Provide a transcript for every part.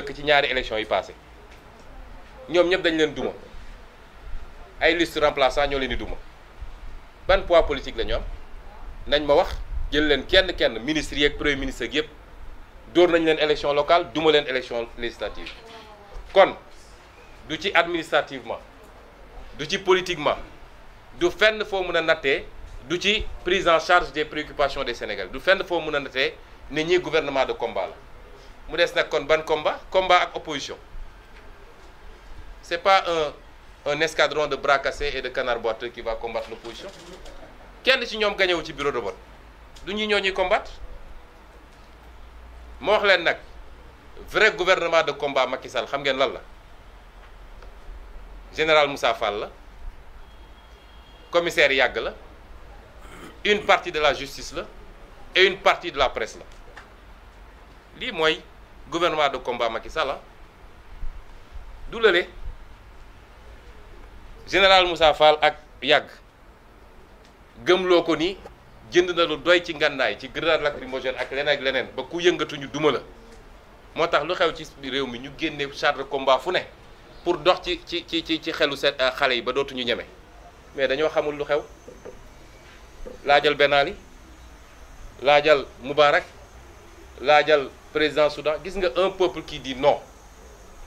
dëkk ci ñaari élection yi passé ñoom ñëpp dañ leen duma ay liste remplaçant ñoo leen di duma ban pois politique la am nañ ma wax jël leen kenn kenn ministre yeeg premier ministre ak yëpp dóor nañ leen élection locale duma leen élection législative kon du ci administrativement du ci politiquement du fenn foo mën a nattee du ci prise en charge des préoccupations de Sénégalais du fenn foo mën a nattee ne ñii gouvernement de combat la mu des nag kon ban combat combat ak opposition c'est pas un un escadron de bras cassés et de canards boiteux qui va combattre l'opposition kenn ci ñoom gañewu ci bureau de vote du ñu ñoo ñuy combattre moo wax leen nag vrai gouvernement de combat Macky Sall xam ngeen lan la général Moussa Fall la commissaire yàgg la une partie de la justice la et une partie de la presse la lii mooy gouvernement de combat Macky Sall du lële général Moussa Fall ak yàgg gëmloo ko ni jënd na lu doy ci ngànnaay ci grenade lacrymogène ak leneen ak leneen ba ku yëngatuñu duma la moo tax lu xew ci réew mi ñu génne char de combat fu ne pour dox ci ci ci ci ci xelu set euh, xale yi ba dootuñu ñeme mais dañoo xamul lu xew laajal Ben Ali laajal Moubarak laajal président Soudan gis nga un peuple qui dit non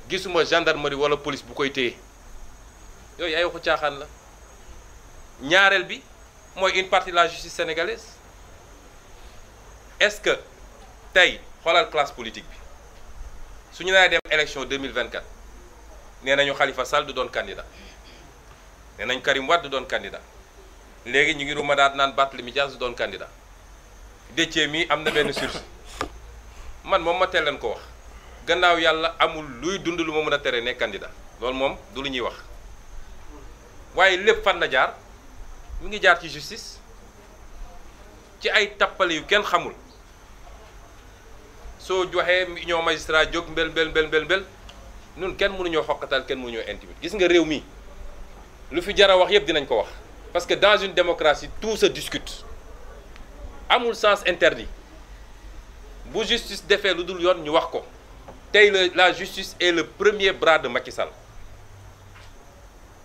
gisuma gendarmerie wala police bu koy téye yooyu ay waxu caaxaan la ñaareel bi mooy une partie de la justice sénégalaise est-ce que tey xoolal classe politique bi su ñu nee dem élection 2024 nee nañu Khalifa Sall du doon candidat nee nañu Karim Wade du doon candidat léegi ñu ngi rumadaat naan Barthélémy Dias du doon candidat Déthié mii am na benn sursis. man moom ma teel ko wax gannaaw yàlla amul luy dund lu ma mën a tere ne candidat loolu moom du lu ñuy wax waaye lépp fan na jaar mu ngi jaar ci justice ci ay tappale yu kenn xamul soo joxee union magistrat jóg mbel mbel mbel mbel mbel nun kenn mënuñoo xokkatal kenn mënuñoo intimider gis nga réew mi lu fi jar a wax yëpp dinañ ko wax parce que dans une démocratie tout se discute amul sens interdit bu justice defee lu dul yoon ñu wax ko tey la la justice et le premier bras de Macky Sall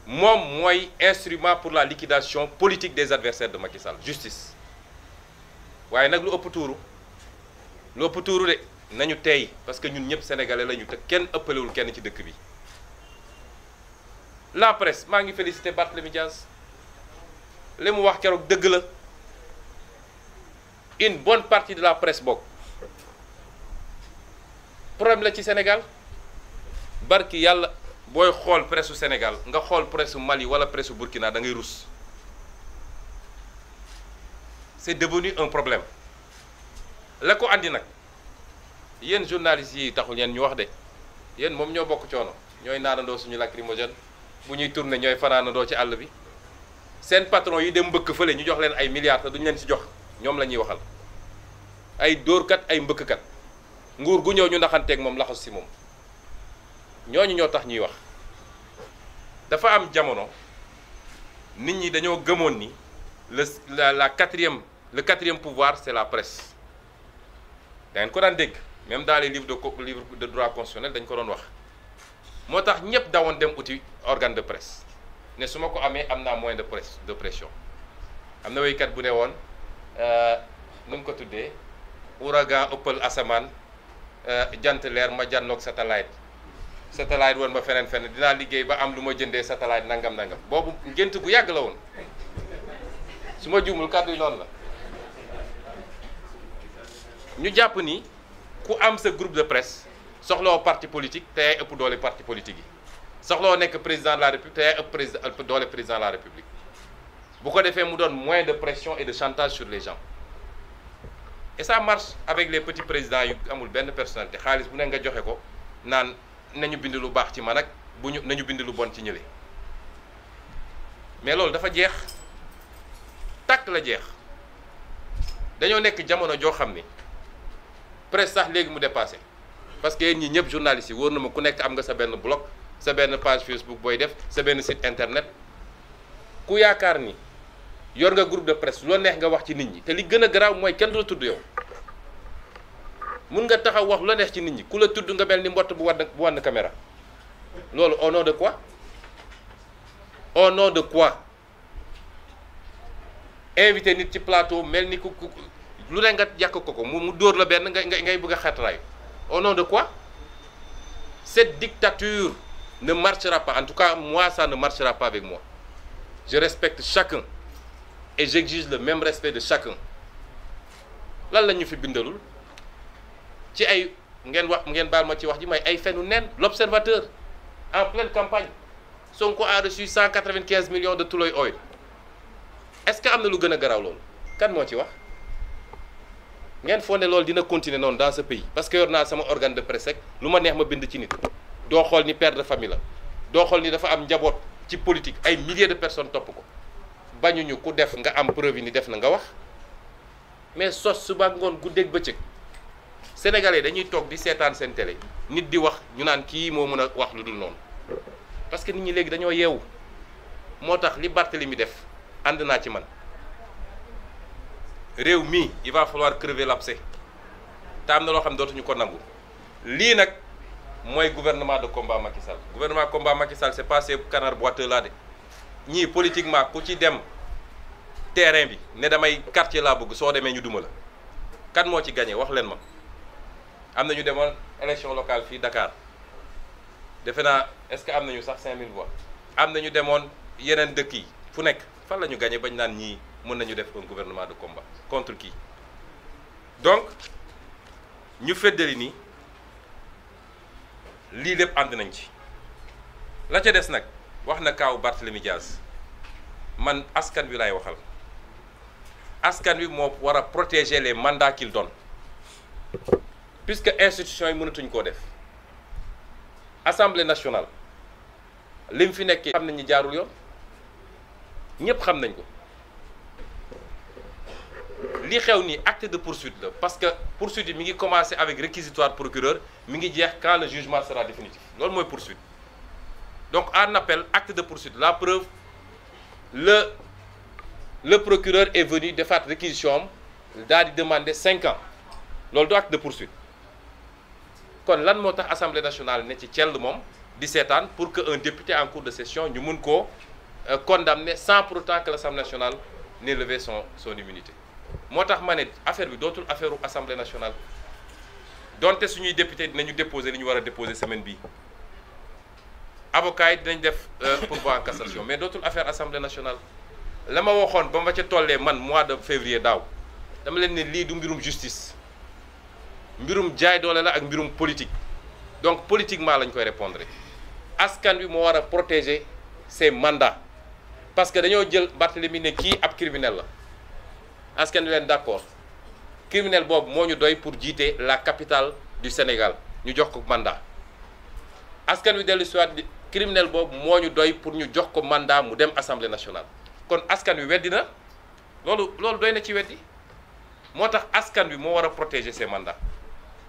moom mooy instrument pour la liquidation politique des adversaires de Macky Sall justice waaye nag lu ëpp tuuru lu ëpp tuuru de nañu tey parce que ñun ñëpp sénégalais lañu te kenn ëppalewul kenn ci dëkk bi la press maa ngi félicité Barthélémy Dias li mu wax keroog dëgg la une bonne partie de la presse bokk problème la ci Sénégal barki yàlla booy xool presse Sénégal nga xool presse Mali wala presse Burkina da ngay rus c'est devenu un problème la ko andi nag yéen journalistes yi taxul yéen ñu wax de yéen moom ñoo bokk coono ñooy naanandoo suñu lacrymogène bu ñuy tourner ñooy fanaanandoo ci àll bi seen patron yi dem mbëkk fële ñu jox leen ay milliards te duñu leen ci jox ñoom la ñuy waxal ay dóorkat ay mbëkkkat nguur gu ñëw ñu naxanteeg moom laxas si moom ñooñu ñoo tax ñuy wax dafa am jamono nit ñi dañoo gëmoon ni le la la quatrième le quatrième pouvoir c'est la presse da ko daan dégg même dans les livres de livre de droit constitutionnel dañ ko doon wax moo tax ñëpp dawoon dem uti organe de presse ne su ma ko amee am naa moins de presse de pression am na waykat bu ne woon euh, nu mu ko tuddee ouragan ëppal asamaan Euh, jant leer ma jànnoog satellite satellite woon ma feneen feneen dinaa liggéey ba am lu ma jëndee satellite nangam nangam boobu ngént bu yàgg la woon su ma juumul kàddu yi la ñu jàpp ni ku am sa groupe de presse soxloo parti politique te yaay ëpp doole parti politique yi soxloo nekk président de la république te ëpp doole président de la république bu ko defee mu doon moyen de pression et de chantage sur les gens et ça marche avec les petits président yu amul benn personnalité xaalis bu ne nga joxe ko naan na ñu bind lu baax ci man ak bu ñu nañu bind lu bon ci ñële mais loolu dafa jeex tàkk la jeex dañoo nekk jamono joo xam ni presse sax léegi mu dépassé parce que ñii ñi ñëpp journalistes yi wóor na ma ku nekk am nga sa benn blog sa benn page Facebook booy def sa benn site internet ku yaakaar ni. yor nga groupe de presse loo neex nga wax ci nit ñi te li gën a garaaw mooy kenn du la tudd yow mun nga taxaw wax la neex ci nit ñi ku la tudd nga mel ni mbott bu wànn bu wànn caméra loolu au nom de quoi au nom de quoi invité nit ci plateau mel ni ku ku lu ne nga yàq ko ko mu dóor la benn nga ngay bëgg a xatraay au nom de quoi cette dictature ne marche pas en tout cas mois ça ne marchera pas avec moi je respecte chacun et j'exige le même respect de chacun lan la ñu fi bindalul ci ay ngeen wax ngeen baal ma ci wax ji may ay fenu nen l'observateur en pleine campagne Sonko a reçu cent quatre-vingt-quinze millions de Tuloy Oil est-ce que am na lu gën a garaaw loolu kan moo ci wax ngeen foog ne loolu dina continuer noonu dans ce pays parce que yor naa sama organe de presse rek lu ma neex ma bind ci nit doo xool ni père de famille la doo xool ni dafa am njaboot ci politique ay milliers de personnes topp ko bañuñu ku def nga am preuve ni def na nga wax mais sos suba ngoon guddeeg bëccëg sénégalais dañuy toog di seetaan seen télé nit di wax ñu naan kii moo mën a wax lu dul noonu parce que nit ñi léegi dañoo yeewu moo tax li Barthélemy def ànd naa ci man réew mii il va falloir crever l'abcès te na loo xam ne dootuñu ko nangu lii nag mooy gouvernement de combat Macky Sall gouvernement combat Macky Sall c'est pas ces canards boiteux là de ñii politiquement ku ci dem terrain bi ne damay quartier laa bëgg soo demee ñu duma la kan moo ci gañe wax leen ma am na ñu demoon élection locale fii dakaar defe naa est-ce que am nañu sax 5000 voix am na ñu demoon yeneen dëkk yi fu nekk fan la ñu gagné bañ naan ñii mën nañu def un gouvernement de combat contre qui donc ñu feddali nii lii lépp ànd nañ ci la ca des nag. wax na kaaw Barthélemy Diaz man askan wi lay waxal askan wi moo war a protéger les mandats qu'il donne puisque institution yi mënatuñ koo def assemblée nationale mu fi nekkee xam nañ ñu jaarul yoon ñëpp xam nañ ko li xew ni acte de poursuite la parce que poursuite yi mi ngi commencer avec réquisitoire procureur mi ngi jeex quand le jugement sera loolu mooy poursuite donc en appel acte de poursuite la preuve le le procureur est venu defaat réquisition am daal di demander cinq ans loolu du acte de poursuite kon lan moo tax assemblée nationale ne ci cell moom di seetaan pour que un député en cours de session ñu mun koo euh, condamner sans pour autant que l'assemblée nationale n'ait levé son immunité moo tax ma ne affaire bi dootul affaire u assemblée nationale donte suñuy député dinañu déposer li ñu war a déposer semaine bii avocats yi dinañ def euh, pourvoi en cassation mais dootul affaire assemblée nationale la ma waxoon ba ma ca tollee man mois de février daaw dama leen ne lii du mbirum justice mbirum jaay doole la ak mbirum politique donc politiquement lañ koy répondre askan wi moo war a protéger ses mandats parce que dañoo jël Barthélemy ne kii ab criminel la askan wi leen d'accord criminel boobu moo ñu doy pour jiite la capitale du Sénégal ñu jox ko mandat askan wi dellu si waat criminel boobu moo ñu doy pour ñu jox ko mandat mu dem assemblée nationale kon askan wi weddi na loolu loolu doy na ci weddi moo tax askan wi moo war a protéger ses mandats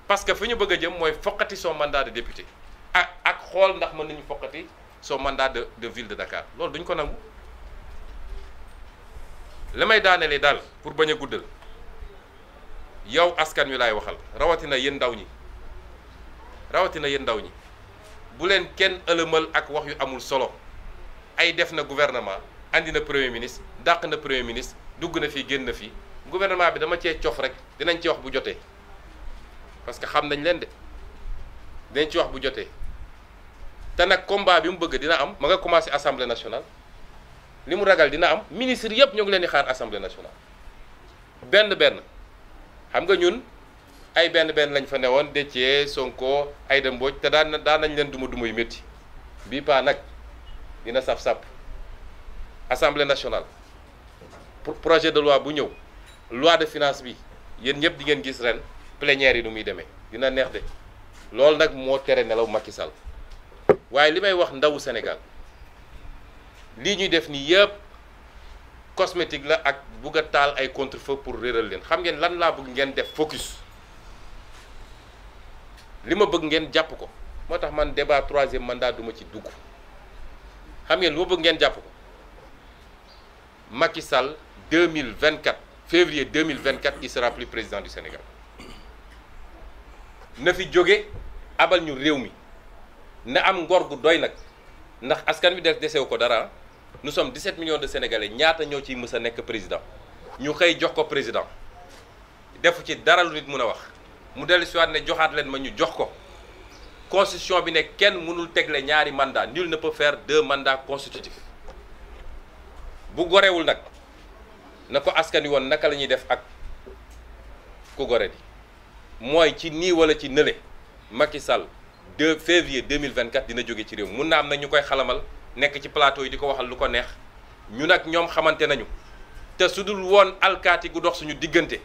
parce que fi ñu bëgg a jëm mooy foqati soo mandat de député ak ak xool ndax mën nañu foqati soo mandat de de ville de Dakar loolu duñ ko nangu li may daanelee daal pour bañ a guddal yow askan wi laay waxal rawatina yéen ndaw ñi rawatina yéen ndaw ñi. bu leen kenn ëlëmal ak wax yu amul solo ay def na gouvernement andi na premier ministre dàq na premier ministre dugg na fii génn na fii gouvernement bi dama cee cof rek dinañ ci wax bu jotee parce que xam nañ leen de dañ ci wax bu jotee te nag combat bi mu bëgg dina am ma nga commencé assemblée nationale li mu ragal dina am ministre yëpp ñoo ngi leen di xaar assemblée nationale benn benn xam nga ñun. ay benn benn lañ fa newoon décce Sonko Aïda Mbodj te daan daan nañ leen duma duma yu métti bii paa nag dina saf-sàpp assemblée nationale projet de loi bu ñëw loi de finance bi yéen ñëpp di ngeen gis ren plénière yi nu muy demee dina neex de loolu nag moo tere nelaw makki sal waaye li may wax ndawu senegal lii ñuy def nii yëpp cosmétique la ak bugg taal ay contre-feu pour réeral leen xam ngeen lan laa bëgg ngeen def focus li ma bëgg ngeen jàpp ko moo tax man débat troisième mandat duma ci dugg xam ngeen li ma bëgg ngeen jàpp ko Macky Sall 2024 février 2024 il sera plus président du Sénégal na fi jóge abal ñu réew mi na am ngor gu doy nag ndax askan wi des desewu ko dara nu nous sommes 17 millions de sénégalais ñaata ñoo ciy mës a nekk président ñu xëy jox ko président defu ci dara lu nit mun a wax. mu dellu si ne joxaat leen ma ñu jox ko constitution bi ne kenn mënul tegle ñaari mandat nul ne peut faire deux mandats constitutifs bu gorewul nag na ko askan wi woon naka lañuy def ak ku gore di mooy ci nii wala ci nële Macky Sall mille vingt 2024 dina jóge ci réew mun na am na ñu koy xalamal nekk ci plateau yi di ko waxal lu ko neex ñu nag ñoom xamante nañu te su dul woon alkaati gu dox suñu diggante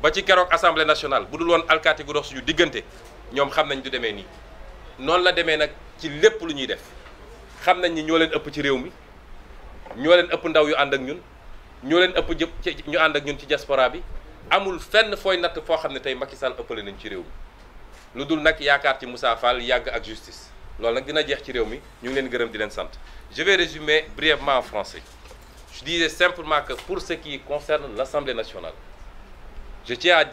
ba ci keroog assemblée nationale bu dul woon alkaati gu dox suñu diggante ñoom xam nañ du demee nii noonu la demee nag ci lépp lu ñuy def xam nañ ni ñoo leen ëpp ci réew mi ñoo leen ëpp ndaw yu ànd ak ñun ñoo leen ëpp jëpp ci ñu ànd ak ñun ci diaspora bi amul fenn fooy natt foo xam ne tey Macky Sall ëppale nañ ci réew mi lu dul nag yaakaar ci Moussa Fall yàgg ak justice loolu nag dina jeex ci réew mi ñu ngi leen gërëm di leen sant je vais résumer brièvement en français que pour ce qui concerne l'Assemblée nationale Je tiens à dire